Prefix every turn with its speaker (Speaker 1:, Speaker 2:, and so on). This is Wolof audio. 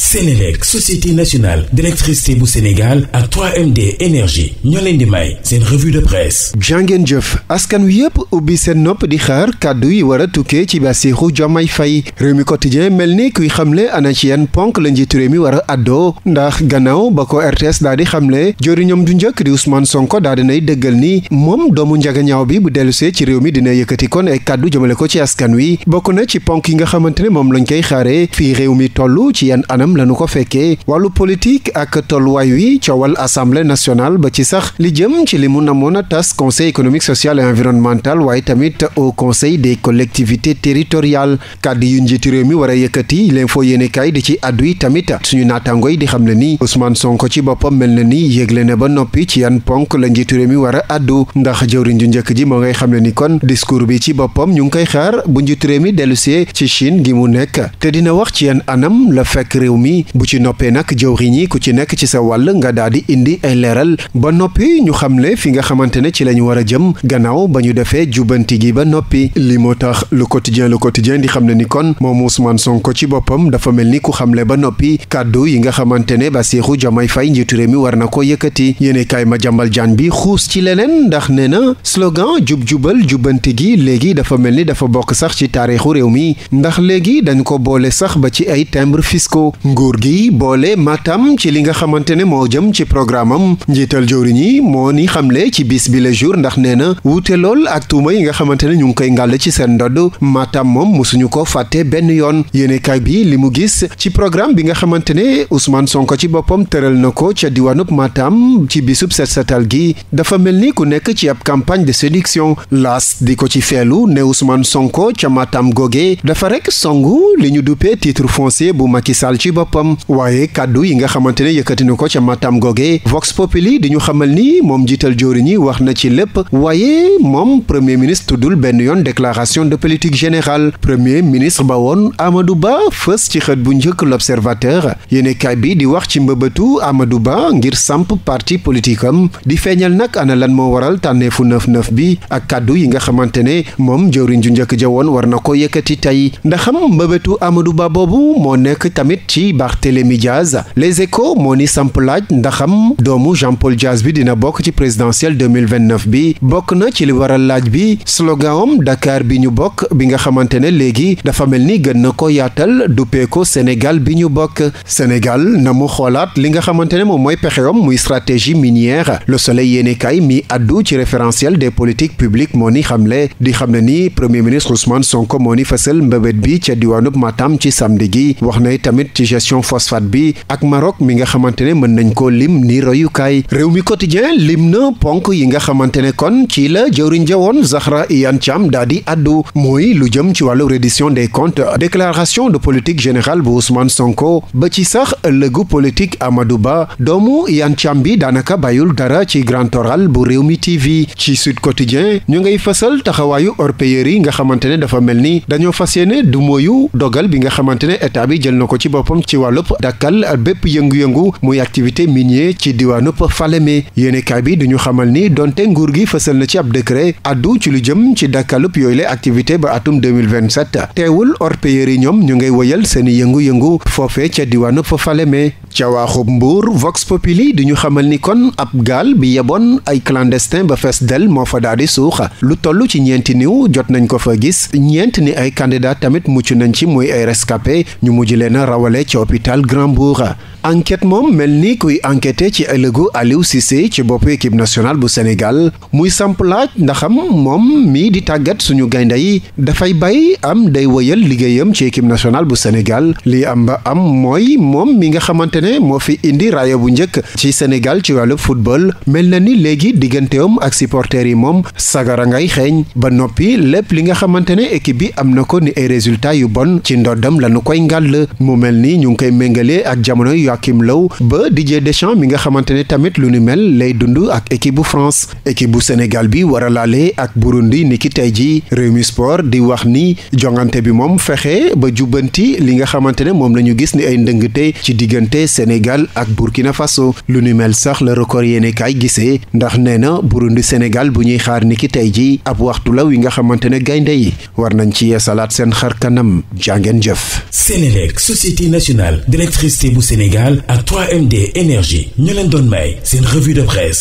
Speaker 1: Sénélec société nationale d'électricité bu Sénégal ak 3 énergie ñoo leen di may seen revue de presse jàngeen jëf askan wi yëpp ubbi seen nopp di xaar kàddu yi war a tukkee ci jom Diomaye fay réew mi quotidien mel ni kuy xamle ana ci yenn ponk la njiitu réew mi war a àddoo ndax gannaaw ba ko RTS daa di xamle joriñam du njëkk di Ousmane Sonko daa dinay dëggal ni moom doomu njagañaaw bi bu dellusee ci réew mi dina yëkkati kon ay kàddu jëmale ko ci askan wi bokk na ci ponk yi nga xamante ne moom lañ koy xaare fii réew mi toll ci yenn anam anam la ñu ko fekkee wàllu politique ak tolluwaay wi coowal assemblée nationale ba ci sax li jëm ci li mu namoon a tas conseil économique social et environnemental waaye tamit au conseil des collectivités territoriales kàddu yu njiitu réew mi war a yëkkati l'info yéenekaay di ci àddu yi tamit suñu naataango yi di xam ne ni Ousmane Sonko ci boppam mel na ni yëgle na ba noppi ci yan ponk la njiitu réew mi war a àddu ndax jëwriñ ju njëkk ji moo ngay xam ne ni kon discours bi ci ñu ngi koy xaar bu njiitu réew mi dellusee ci gi mu nekk te dina wax ci yan anam mi bu ci noppee nag jëwriñ yi ku ci nekk ci sa wàll nga daal di indi ay leeral ba noppi ñu xam ne fi nga xamante ne ci lañu war a jëm gannaaw ba ñu defee jubanti gi ba noppi li moo tax lu le quotidien le quotidien di xam ne ni kon moom Ousmane Sonko ci boppam dafa mel ni ku xamle ba noppi kàddu yi nga xamante ne Bassirou Diomaye Faye njiitu réew mi war na ko yëkkati yéene kaay ma jàmbal jaan bi xuus ci leneen ndax nee na slogan jub-jubal jubbanti gi léegi dafa mel ni dafa bokk sax ci taarixu réew mi ndax nguur gi boole maatam ci li nga xamante ne moo jëm ci programme am njiital jëwriñ yi moo ni xamle ci bis bi le jour ndax nee na wuute lool ak tuuma yi nga xamante ne ñu ngi koy ngàll ci seen ndodd maatam moom mosuñu ko fàtte benn yoon yéenekaay bi li mu gis ci programme bi nga xamante ne Ousmane Sonko ci boppam tëral na ko ca diwaanub Matam ci bisub set setal gi dafa mel ni ku nekk ci ab campagne de séduction las di ko ci feelu ne Ousmane Sonko ca Matam goge dafa rek songu li ñu duppee bu Macky Sall ci boppam waaye kàddu yi nga xamante ne yëkkati nu ko ca Matam goge Vox Populi di ñu xamal ni moom jiital jóori ñi wax na ci lépp waaye moom premier ministre tuddul benn yoon déclaration de politique général premier ministre ba woon Amadou Ba fës ci xët bu njëkk l'observateur yéenekaay bi di wax ci mbëbëtu amadu Ba ngir samp parti politique am di feeñal nag ana lan moo waral tànneefu neuf neuf bi ak kàddu yi nga xamante ne moom jëwriñ ju njëkk ja woon war na ko yëkkati tey ndaxam ci Barthélémy Diaz les échos moo ni samp laaj ndaxam doomu Jean Paul Diaz bi dina bokk ci présidentielle 2029 bi bokk na ci li waral laaj bi sloganam Dakar bi ñu bokk bi nga xamante ne léegi dafa mel ni gën na ko yaatal dupeeko Sénégal bi ñu bokk Sénégal na mu xoolaat li nga xamante ne moom mooy pexewam muy stratégie minière Le Soleil yéene kay mi addu ci référentiel de politiques publiques moo ni xamle di xam ne ni premier ministre Ousmane Sonko moo ni fësal gestion phosphate bi ak Maroc mi nga xamante ne mën nañ koo lim ni royukaay réew mi quotidien lim na ponk yi nga xamante ne kon ci la jëwriñ jawoon Zahra Iyane Thiam daa di addu mooy lu jëm ci wàllu reddition des comptes déclaration de politique général bu Ousmane Sonko ba ci sax ëllëgu politique amadu Ba doomu Iyane Thiam bi daanaka bàyyul dara ci grand oral bu réew mi TV ci Sud Quotidien ñu ngay fësal taxawaayu orpailleurs yi nga xamante ne dafa mel ni dañoo fas bi nga xamante ne ci wàllub dakkal bépp yëngu-yëngu muy activité minier ci diwaanub Falémé yéenekaay bi duñu xamal ni donte nguur gi fësal na ci ab décret addu ci lu jëm ci dakkalub yooyu la activité ba atum 2027 teewul orpailleurs yi ñoom ñu ngay woyal seen yëngu-yëngu foofe ca diwaanub Falémé ca waaxub mbuur vox populi di xamal ni kon ab gaal bi yeboon ay clandestin ba fees del moo fa daal di suuxa lu toll ci ñeenti niw jot nañ ko fa gis ñeent ni ay candidat tamit mucc nañ ci muy ay rescapé ñu mujj leen a rawale ci hôpital Grand Bourg enquête moom mel ni kuy enquêté ci ëllëgu Aliou Cissé ci boppu équipe nationale bu senegal muy samp laaj ndaxam moom mii di tàggat suñu gaynde yi dafay bay am day wëyal liggéeyam ci équipe nationale bu Sénégal lii am ba am mooy moom mi nga xamante ne moo fi indi raaya bu njëkk ci Sénégal ci wàllu football mel na ni léegi digganteem ak supporters yi moom sagara ngay xeeñ ba noppi lépp li nga xamante ne équipe bi am na ko ni ay résultats yu bon ci ndoddam lañu koy ngàll mu mel ni ñu ngi koy méngalee ak jamono yi Joachim Low ba Didier Deschamps mi nga xamante ne tamit lu nu mel lay dund ak équipe bu France équipe bu Sénégal bi war laale ak Burundi ni ki tey ji Rewmi Sport di wax ni jongante bi moom fexe ba jubbanti li nga xamante ne moom la ñu gis ni ay ndëngte ci diggante Sénégal ak Burkina Faso lu nu mel sax la record yéene gisee ndax nee na Burundi Sénégal bu ñuy xaar ni ki tey ji ab waxtu la wi nga xamante ne gaynde yi war nañ ci yeesalaat seen xar kanam jàngeen jëf Sénégal ak 3MD énergie ñu leen doon may seen revue de presse